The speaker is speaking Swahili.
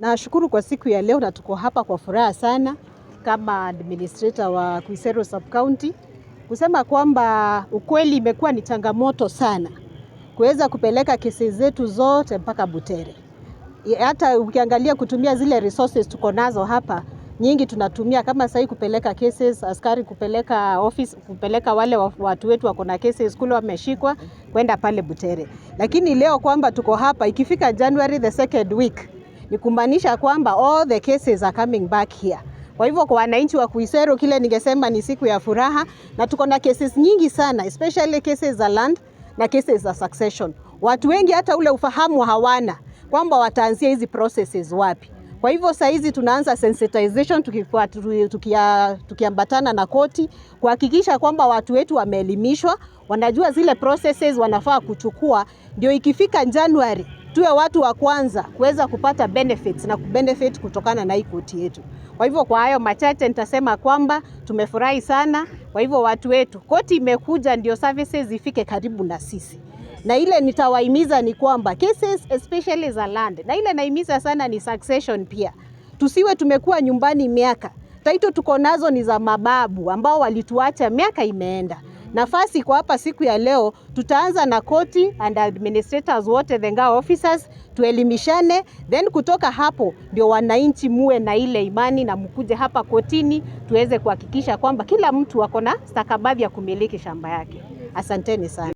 Nashukuru kwa siku ya leo na tuko hapa kwa furaha sana kama administrator wa Kuisero Sub-County kusema kwamba ukweli imekuwa ni changamoto sana kuweza kupeleka kesi zetu zote mpaka Butere. Hata ukiangalia kutumia zile resources tuko nazo hapa nyingi tunatumia kama sahi kupeleka cases, askari kupeleka office, kupeleka wale watu wetu wako na cases kule wameshikwa kwenda pale Butere. Lakini leo kwamba tuko hapa ikifika January the second week ni kumaanisha kwamba all the cases are coming back here. Kwa hivyo kwa wananchi wa Kuisero, kile ningesema ni siku ya furaha, na tuko na cases nyingi sana, especially cases za land na cases za succession. Watu wengi hata ule ufahamu hawana kwamba wataanzia hizi processes wapi. Kwa hivyo saa hizi tunaanza sensitization tukiambatana tuki, tukia na koti kuhakikisha kwamba watu wetu wameelimishwa, wanajua zile processes wanafaa kuchukua, ndio ikifika Januari tuwe watu wa kwanza kuweza kupata benefits na kubenefit kutokana na hii koti yetu. Kwa hivyo kwa hayo machache nitasema kwamba tumefurahi sana. Kwa hivyo watu wetu, koti imekuja ndio services zifike karibu na sisi, na ile nitawahimiza ni kwamba cases especially za land, na ile naimiza sana ni succession pia, tusiwe tumekuwa nyumbani miaka taito tuko nazo ni za mababu ambao walituacha miaka imeenda. Nafasi kwa hapa siku ya leo, tutaanza na koti and administrators wote the Ngao officers tuelimishane, then kutoka hapo ndio wananchi muwe na ile imani na mkuje hapa kotini tuweze kuhakikisha kwamba kila mtu ako na stakabadhi ya kumiliki shamba yake. Asanteni sana.